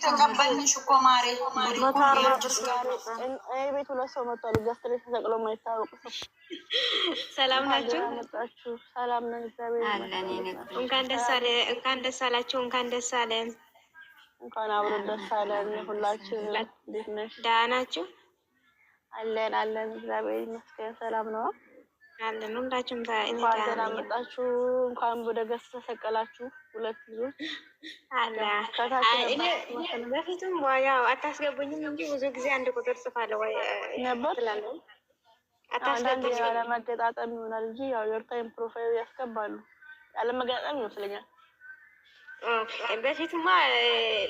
ቤት ሁለት ሰው ተሰቅሎ እንኳን ደስ እንኳን አላችሁ፣ እንኳን ደስ አለን፣ እንኳን አብሮ ደስ አለን። ደህና ናችሁ? አለን አለን፣ እግዚአብሔር ይመስገን። ሰላም ነው። አለን ሁላችሁም። እንኳን ደህና መጣችሁ፣ እንኳን ወደ ገስ ተሰቀላችሁ። ሁለት ልጆች በፊትም ያው አታስገቡኝም እንጂ ብዙ ጊዜ አንድ ቁጥር ጽፋለሁ ነበር አለመገጣጠም ይሆናል እንጂ ያው የኦርታይም ፕሮፋይል ያስገባሉ። አለመገጣጠም ይመስለኛል። በፊትማ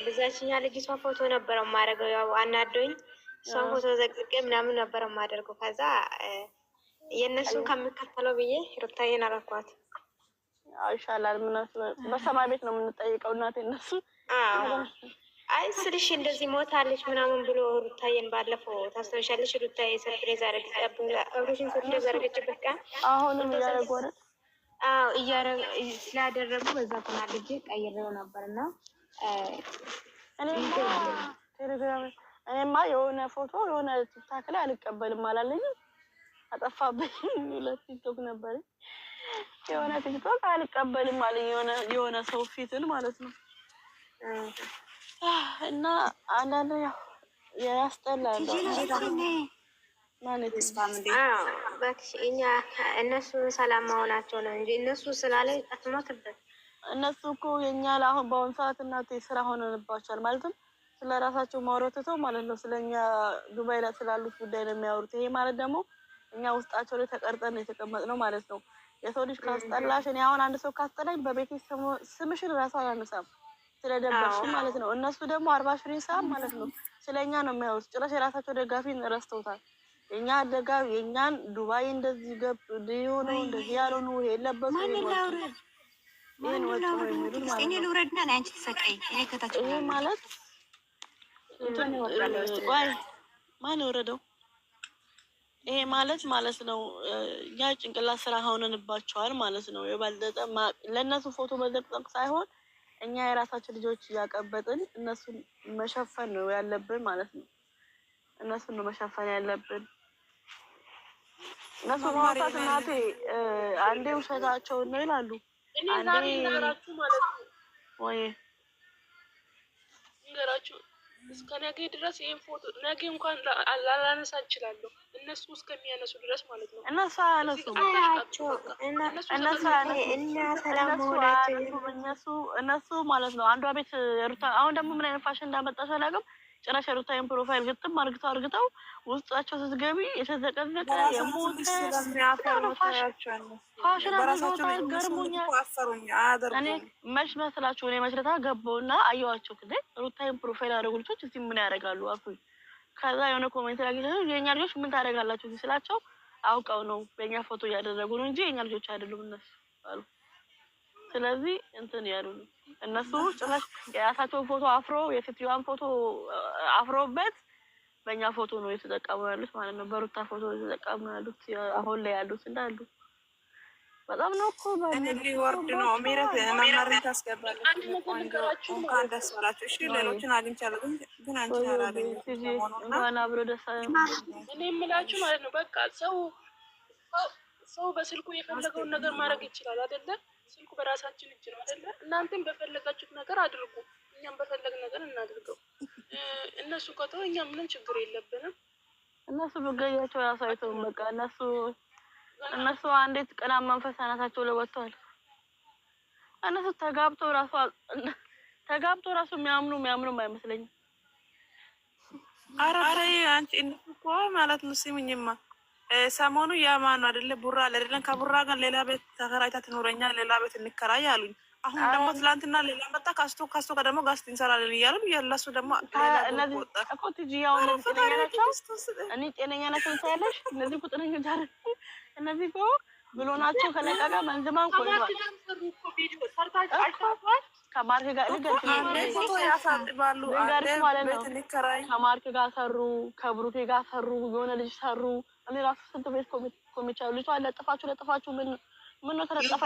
ብዛችኛ ልጅቷ ፎቶ ነበረው የማደርገው ያው አናዶኝ ሰው ፎቶ ዘቅዝቄ ምናምን ነበረው የማደርገው ከዛ የእነሱን ከምከተለው ብዬ ሩታዬን አረኳት። ይሻላል። በሰማይ ቤት ነው የምንጠይቀው እናቴ። እነሱ አይ ስልሽ እንደዚህ ሞታለች ምናምን ብሎ ሩታዬን ባለፈው ታስታውሻለሽ? ሩታዬ ሰርፕሬዝ አረግአብሬሽን ሰርፕሬዝ አረገችበት ቀን አሁንም እያደረጉ አዎ ስላደረጉ በዛ ተናድጄ ቀይሬው ነበር እና እኔማ የሆነ ፎቶ የሆነ ትታክ ላይ አልቀበልም አላለኝም አጠፋብኝ ሁለት ቲክቶክ ነበረኝ። የሆነ ቲክቶክ አልቀበልም አለኝ የሆነ ሰው ፊትን ማለት ነው። እና አንዳንድ ያስጠላል። እነሱ ሰላም መሆናቸው ነው እንጂ እነሱ ስላለ ጠፍሞትበት እነሱ እኮ የኛ አሁን በአሁኑ ሰዓት እናቴ ስራ ሆነንባቸዋል። ማለትም ስለ ራሳቸው ማውረትተው ማለት ነው ስለኛ ዱባይ ላይ ስላሉት ጉዳይ ነው የሚያወሩት። ይሄ ማለት ደግሞ እኛ ውስጣቸው ላይ ተቀርጠን ነው የተቀመጥነው ማለት ነው። የሰው ልጅ ካስጠላሽ፣ እኔ አሁን አንድ ሰው ካስጠላኝ በቤት ስምሽን ራሱ አላነሳም ስለደበሽ ማለት ነው። እነሱ ደግሞ አርባ ሽሪን ሰዓት ማለት ነው ስለእኛ ነው የሚያወሩት። ጭራሽ የራሳቸው ደጋፊ ረስተውታል። የእኛ ደጋፊ የእኛን ዱባይ እንደዚህ ገብ ሆኖ እንደዚህ ያልሆኑ ይሄ ለበሱ ይሄ ማለት ማን ወረደው? ይሄ ማለት ማለት ነው ያ ጭንቅላት ስራ ሆነንባቸዋል ማለት ነው። የበለጠ ለእነሱ ፎቶ መጠቅጠቅ ሳይሆን እኛ የራሳችን ልጆች እያቀበጥን እነሱን መሸፈን ነው ያለብን ማለት ነው። እነሱን ነው መሸፈን ያለብን። እነሱ ማውሳት እናቴ አንዴ ውሸታቸውን ነው ይላሉ። ወይ እስከ ነገ ድረስ ይህን ፎቶ ነገ እንኳን ላላነሳ እችላለሁ፣ እነሱ እስከሚያነሱ ድረስ ማለት ነው። እነሱ አያነሱም። እነሱ ማለት ነው አንዷ ቤት ሩታ። አሁን ደግሞ ምን አይነት ፋሽን እንዳመጣሽ አላውቅም። ጭራሽ ሩታይን ፕሮፋይል ግጥም አርግተው አርግተው ውስጣቸው ስትገቢ የተዘቀዘቀ ፋሽን አድርገውታል። ገርሞኛል። እኔ መች መስላችሁ እኔ መችለታ ገባውና አየዋቸው ጊዜ ሩታይን ፕሮፋይል ያደረጉ ልጆች እስቲ ምን ያደርጋሉ አልኩኝ። ከዛ የሆነ ኮሜንት ላ የእኛ ልጆች ምን ታደርጋላችሁ ስላቸው አውቀው ነው በእኛ ፎቶ እያደረጉ ነው እንጂ የእኛ ልጆች አይደሉም እነሱ አሉ። ስለዚህ እንትን ያሉ እነሱ ጭራሽ የራሳቸውን ፎቶ አፍሮ የሴትዮዋን ፎቶ አፍሮበት በእኛ ፎቶ ነው የተጠቀሙ ያሉት ማለት ነው። በሩታ ፎቶ የተጠቀሙ ያሉት አሁን ላይ ያሉት እንዳሉ በጣም ነው እኮ ወርድ ነው። ሜረት መማርን ታስገባለች። እንኳን ደስ አላችሁ። እሺ ሌሎችን አግኝቻለሁ ግን አንቺን አላገኘሁም። አብሮ ደስ እኔ የምላችሁ ማለት ነው በቃ ሰው ሰው በስልኩ የፈለገውን ነገር ማድረግ ይችላል አይደለም ስልኩ በራሳችን እጅ ነው አይደለ? እናንተም በፈለጋችሁት ነገር አድርጉ፣ እኛም በፈለግ ነገር እናድርገው። እነሱ ከተው እኛ ምንም ችግር የለብንም። እነሱ ብገያቸው ያሳይተው በቃ እነሱ እነሱ አንዴት ቀና መንፈስ አናታቸው ለወጥቷል። እነሱ ተጋብቶ ራሱ ተጋብቶ ራሱ የሚያምኑ የሚያምኑም አይመስለኝም። አረ አንቺ እኮ ማለት ነው ሲምኝማ ሰሞኑ የማኑ አደለ ቡራ አለ ከቡራ ጋር ሌላ ቤት ተከራይታ ትኖረኛ ሌላ ቤት እንከራይ አሉኝ። አሁን ደግሞ ትላንትና ሌላ መጣ። ካስቶ ካስቶ ጋር ደግሞ ጋስት እንሰራለን እያሉ የለሱ ደግሞ እኮ እኔ ጤነኛ ናቸው ታያለሽ። እነዚህ ቁጥረኞች አለ እነዚህ እኮ ብሎ ናቸው ከለቀቀ መንዝማን ቆይቷል። ከማርክ ጋር ልገልጽ ማለት ነው። ከማርክ ጋር ሰሩ፣ ከብሩኬ ጋር ሰሩ፣ የሆነ ልጅ ሰሩ እኔ ራሱ ስንት ቤት ኮሚቻ ልጅ ለጥፋችሁ ለጥፋችሁ ምን ምን ነው ተለጠፋ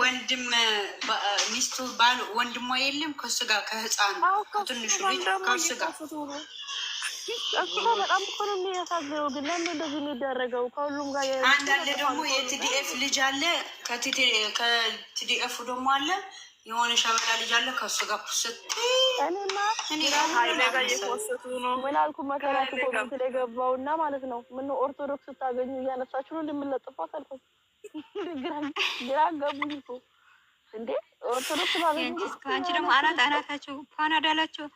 ወንድም ሚስቱ ባል ወንድሟ የለም ከሱ ጋር ከህፃን ትንሹ ልጅ ከሱ ጋር እሱ በጣም እኮ ነው የሚያሳዝነው። ግን ለምን እንደዚህ የሚደረገው? ከሁሉም ጋር አንዳንድ ደግሞ የቲዲኤፍ ልጅ አለ፣ ከቲዲኤፉ ደግሞ አለ የሆነ ሸበላ ልጅ አለ ከሱ ጋር ስትይ እኔማ ምን አልኩ መከራችሁ ማለት ነው። ምነው ኦርቶዶክስ ስታገኙ እያነሳችሁ ነው እንደምለጥፏት ግራ ገቡኝ እኮ እንዴ ኦርቶዶክስ ባገኙ ደግሞ አናት አናታቸው ፓናዳላቸው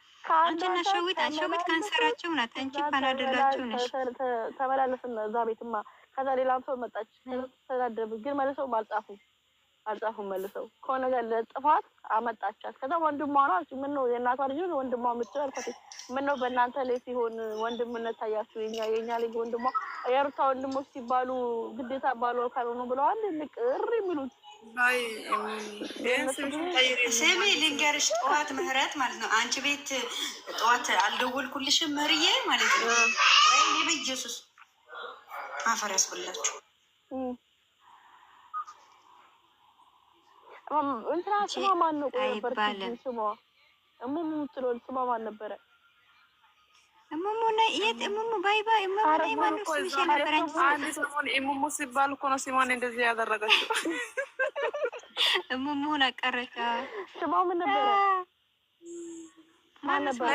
ሸዊት ሸዊት ካንሰራቸው ናት። አንቺ ፓናዳላቸው ነሽ። ተመላለስን እዛ ቤትማ ከዛ ሌላም ሰው መጣች ተዳደብ ግን መልሰው አልጻፉም አልጻፉም መልሰው ከሆነ ነገር ለጥፋት አመጣቻት። ከዛ ወንድሟ ናት ምን ነው የእናቷ ልጅ ወንድሟ የምትችል አልኳት። ምን ነው በእናንተ ላይ ሲሆን ወንድምነት ታያችሁ? የኛ የኛ ልጅ ወንድሟ የሩታ ወንድሞች ሲባሉ ግዴታ ባሉ ካልሆኑ ብለዋል። ንቅር የሚሉት ስሚ ልንገርሽ፣ ጠዋት ምህረት ማለት ነው አንቺ ቤት ጠዋት አልደወልኩልሽም መርዬ ማለት ነው ወይ ብዬ ኢየሱስ አፈር ያስብላችሁ እንትና ስሟ ማን ነው? ቆይ ነበር ስሟ እሙሙ ስሟ ማን ነበረ? እሙሙ የት እሙሙ ባይ ባይ እሙሙ ማን ነው ስምሽ እሙሙ ሲባል እኮ ነው ሲማን እንደዚህ ያደረገችው። እሙሙ ሆነ ስሟ ምን ነበረ? ማን ነበረ?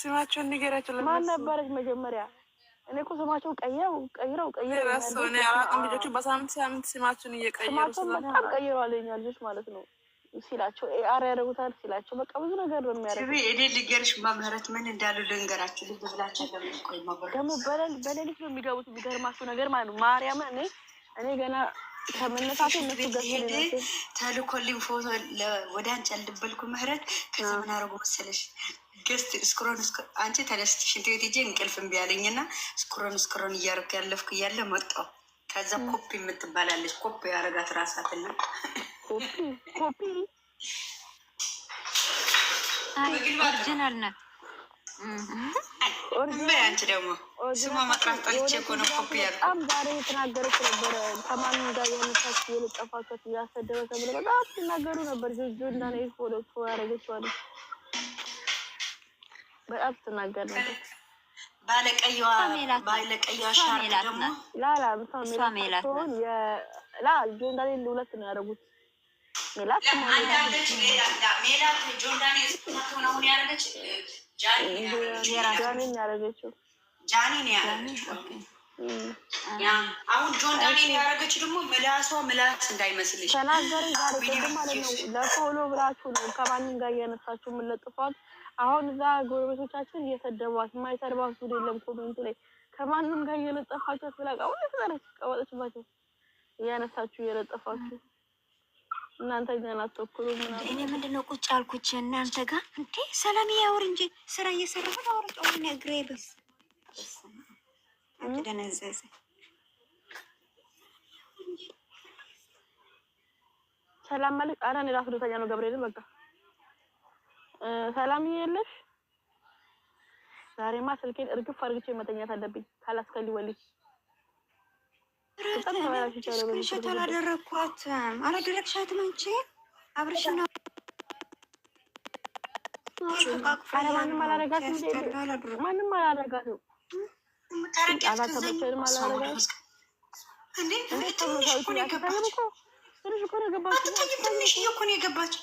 ስማቸውን ንገሪያቸው። ማን ነበረች መጀመሪያ? እኔ እኮ ስማቸው ቀየው ቀይረው ቀይረው ልጆቹ በሳምንት ሳምንት ስማቸውን እየቀየሩ በጣም ቀይረዋል። የኛ ልጆች ማለት ነው ሲላቸው ኤአር ያደረጉታል ሲላቸው በቃ ብዙ ነገር ነው የሚያደርጉት። እኔ ልንገርሽ መምህረት ምን እንዳሉ ልንገራችሁ። ልብ ብላችሁ ደግሞ በሌሊት ነው የሚገቡት። የሚገርማቸው ነገር ማለት ነው ማርያም እኔ እኔ ገና ተልኮልኝ ፎቶ ወደ አንቺ አልደበልኩ ምህረት ከዚ ምን አረጉ መሰለሽ ገስት ስክሮን አንቺ ተነስተሽ ሽንት ቤት ሂጅ እንቅልፍ እምቢ አለኝ እና እስክሮን እስክሮን እያደረኩ ያለፍኩ እያለ መጣሁ። ከዛ ኮፒ የምትባላለች ኮፒ ያረጋት ኮፒ ኦሪጂናል ናት። አንቺ ደግሞ ስሟ መጥራት ጠልቼ እኮ ነው። ኮፒ በጣም ዛሬ የተናገረች ነበረ። ከማን ጋር የሆነቻች የለጠፋቸት እያሰደበ ተብሎ በጣም ሲናገሩ ነበር። ጆጆ እና ነይፍ ወደ እኮ ያደረገችዋለች። በጣም ትናገር ነበር። ባለቀየዋ ባለቀየዋ ሻርክ ደግሞ ላላ ሷ ሁለት ነው ያደረጉት። ሜላት ጃኒ ያደረገችው ጃኒ ነው ያደረገችው። አሁን ጆን ዳኒ ያደረገችው ደግሞ ምላሷ ምላስ እንዳይመስልሽ ተናገሪ ማለት ነው። ለፎሎ ብላችሁ ነው ከባኒን ጋር እያነሳችሁ የምለጥፏት አሁን እዛ ጎረቤቶቻችን እየሰደቧት የማይሰድባት ዙር የለም። ኮሜንቱ ላይ ከማንም ጋር እየለጠፋችሁ አስብላቃ ሁለት ቀረች ቀወጠችባቸው እያነሳችሁ እየለጠፋችሁ እናንተ ግን አትወክሉ ምናምን። እኔ ምንድን ነው ቁጭ አልኩች እናንተ ጋር እንዴ? ሰላም ያውር እንጂ ስራ እየሰራሁ ነው። አውር ጦር ነግሬ ብስ ደነዘዘ። ሰላም ማለት አረ እኔ ራሱ ዶተኛ ነው። ገብርኤልን በቃ ሰላም የለሽ ዛሬማ ስልኬን እርግፍ አርግቼ መተኛት አለብኝ ካላስከሊ ወልጅ ስክሪንሾት አላደረግኳትም። አላደረግሻትም አንቺ አብረሽና ማንም አላደረጋትም። ማንም አላደረጋትም። አላከበቸንም አላደረጋትም። ትንሽ እኮ ነው የገባችው። ትንሽ እኮ ነው የገባችው።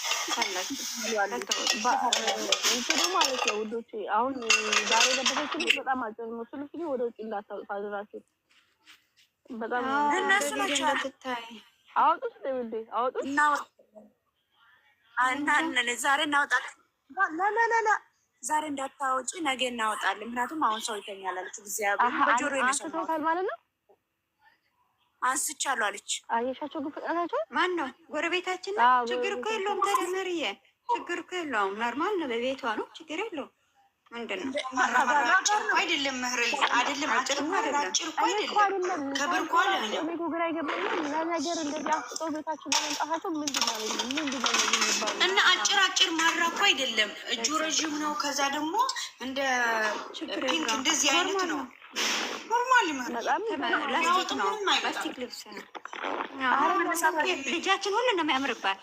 ማለት ነው ውዶች፣ አሁን ዛሬ ለበሰች በጣም አጭር ነው። ስልክ ወደ ውጭ እንዳታወጣ አዝራችሁ በጣም እነሱ ናቸው። እናወጣለን ዛሬ እናወጣለን። ዛሬ እንዳታወጪ ነገ እናወጣለን። ምክንያቱም አሁን ሰው ይተኛል ጊዜ በጆሮ ይነሰ ማለት ነው አንስቻለሁ አለች። አየሻቸው ግን ፍጥነታቸው ማን ነው? ጎረቤታችን ነው። ችግር እኮ የለውም። ተደመርዬ ችግር እኮ የለውም። ኖርማል ነው። በቤቷ ነው። ችግር የለውም። ምንድን ነው አይደለም፣ አይደለም። አጭር እኮ አይደለም። ከብር እኮ አይደለም። ግራ ይገባል። እንደዚህ አፍጦ ለመምጣታቸው ምንድን ነው ምንድን ነው እና አጭር አጭር ማራ እኮ አይደለም። እጁ ረዥም ነው። ከዛ ደግሞ እንደ ፒንክ እንደዚህ አይነት ነው። ልጃችን ሁሉ ነው የሚያምርባት።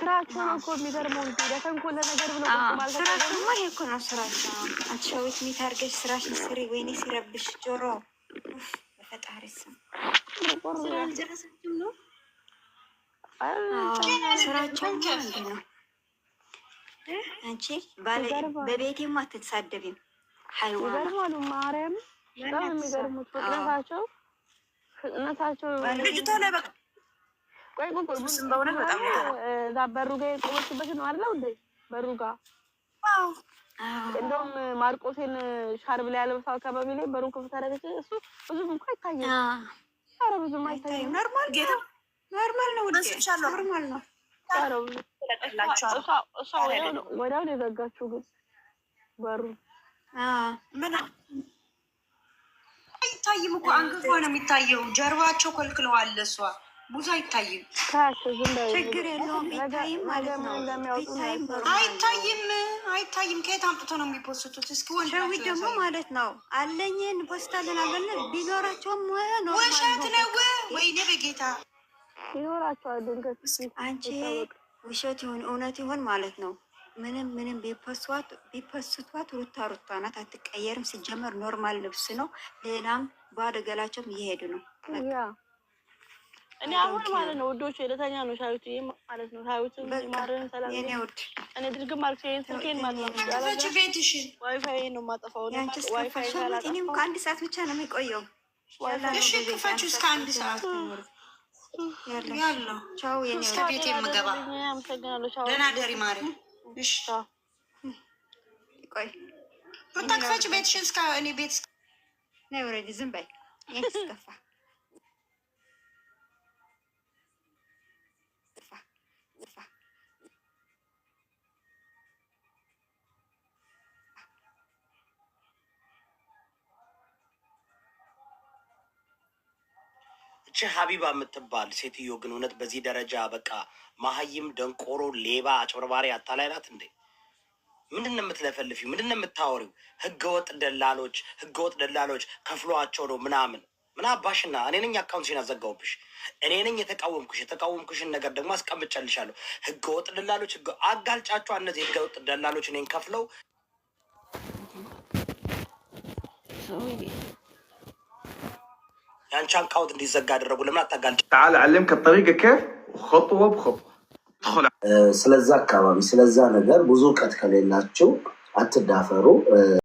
ስራቸውን እኮ የሚገርመው እንጂ ለተንኮለ ነገር ብሎ ስራቸውማ ይሄ እኮ ነው ስራቸው። አትሸውት ሚታርገሽ ስራሽን ስሪ። ወይኔ ሲረብሽ ጆሮ በፈጣሪ ስም ስራቸው ነው። አንቺ በቤቴማ አትሳደቢም። ይገርማሉ ማርያም በጣም የሚገርሙት ፍጥነታቸው ፍጥነታቸው ልጅቷ ላይ በቃ ቆይ ቆይ በሩ ጋ የቆመችበት ነው አይደል? እንዴ በሩ ጋ እንደውም ማርቆሴን ሻርብ ላይ ያለበሰው አካባቢ ላይ በሩ ክፍት አደረገች። እሱ ብዙም እንኳ አይታየም። ኧረ ብዙም አይታየም። ኖርማል ጌታ ኖርማል ነው። ኖርማል ነው። እሷ ወዲያውን የዘጋችው ግን በሩ አይታይም እኮ አንገቷ ነው የሚታየው። ጀርባቸው ከልክለዋል። እሷ ብዙ አይታይም። ችግር የለውም። አይታይም፣ አይታይም። ከየት አምጥቶ ነው የሚፖስቱት? እስኪ ወንዳዊ ደግሞ ማለት ነው አለኝ ፖስታለን አለን ቢኖራቸውም ውሸት ነው። ወይኔ በጌታ ይኖራቸዋል። አንቺ ውሸት ይሁን እውነት ይሁን ማለት ነው ምንም ምንም ቢፖስቷት ሩታ ሩታ ናት፣ አትቀየርም። ሲጀመር ኖርማል ልብስ ነው ሌላም ባዶ እየሄዱ ነው። እኔ አሁን ማለት ነው ውዶች የለተኛ ነው ሻዩት ማለት ነው ሻዩት ማረን ሰላም እኔ ድርግም ማለት ነው ስልኬን ማለት ነው ቤትሽን ዋይፋይ ነው ማጠፋው ዋይፋይ እኔም ከአንድ ሰዓት ብቻ ነው የሚቆየው። እሺ ክፈችው እስከ አንድ ሰዓት ያለው ቻው እስከ ቤት የምገባ ደህና ደሪ ማሪ እሺ ቆይ ብታ ክፈች ቤትሽን እስከ እኔ ቤት ነይ ወረድ፣ ዝም በይ። ያስከፋ እቺ ሀቢባ የምትባል ሴትዮ ግን እውነት በዚህ ደረጃ በቃ ማሀይም፣ ደንቆሮ፣ ሌባ፣ አጭበርባሪ አታላይ እንዴ? ምንድን ነው የምትለፈልፊ? ምንድን ነው የምታወሪው? ህገወጥ ደላሎች ህገወጥ ደላሎች ከፍሏቸው ነው ምናምን ምን አባሽና እኔ ነኝ አካውንትሽን አዘጋውብሽ። እኔ ነኝ የተቃወምኩሽ። የተቃወምኩሽን ነገር ደግሞ አስቀምጨልሻለሁ። ህገ ወጥ ደላሎች ህገ አጋልጫቸው። እነዚህ ህገ ወጥ ደላሎች እኔን ከፍለው የአንቺ አካውንት እንዲዘጋ አደረጉ። ለምን አታጋልጭ? تعال علمك الطريقة كيف خطوة بخطوة ስለዛ አካባቢ ስለዛ ነገር ብዙ እውቀት ከሌላችሁ አትዳፈሩ።